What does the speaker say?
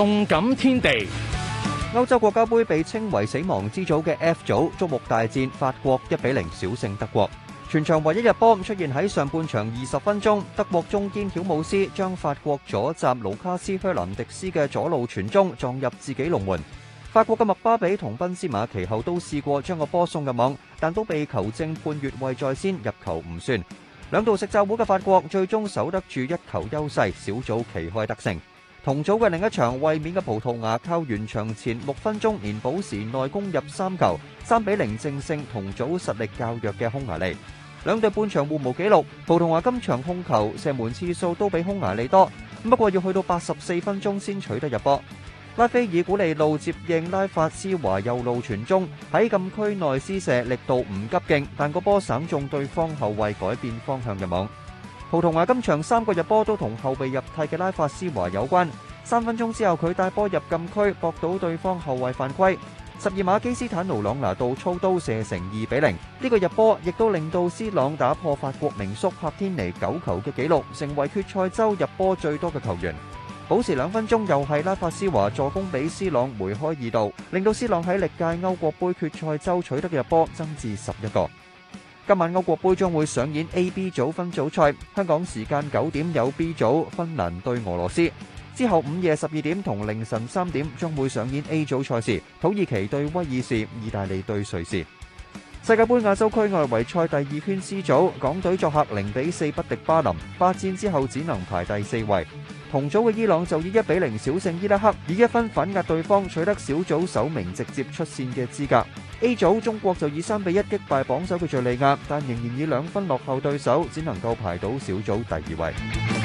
動感天地，歐洲國家盃被稱為死亡之組嘅 F 組，矚目大戰，法國一比零小勝德國。全場唯一入波出現喺上半場二十分鐘，德國中堅曉姆斯將法國左閘盧卡斯·靴林迪斯嘅左路傳中撞入自己龍門。法國嘅麥巴比同賓斯馬其後都試過將個波送入網，但都被球證判越位在先入球唔算。兩度食詐糊嘅法國最終守得住一球優勢，小組旗開得勝。同組嘅另一場，衛冕嘅葡萄牙靠完場前六分鐘，連補時內攻入三球，三比零淨勝同組實力較弱嘅匈牙利。兩隊半場互無紀錄，葡萄牙今場控球、射門次數都比匈牙利多，不過要去到八十四分鐘先取得入波。拉斐爾古利路接應拉法斯華右路傳中，喺禁區內施射，力度唔急勁，但個波省中對方後衛改變方向入網。葡萄牙今場三個入波都同後備入替嘅拉法斯華有關。三分鐘之後，佢帶波入禁區，博到對方後衛犯規。十二碼基斯坦奴朗拿度操刀射成二比零。呢個入波亦都令到斯朗打破法國名宿柏天尼九球嘅紀錄，成為決賽周入波最多嘅球員。保持兩分鐘又係拉法斯華助攻俾斯朗梅開二度，令到斯朗喺歷屆歐國盃決賽周取得嘅入波增至十一個。今晚歐國杯將會上演 A、B 同組嘅伊朗就以一比零小勝伊拉克，以一分反壓對方，取得小組首名直接出線嘅資格。A 組中國就以三比一擊敗榜首嘅敘利亞，但仍然以兩分落後對手，只能夠排到小組第二位。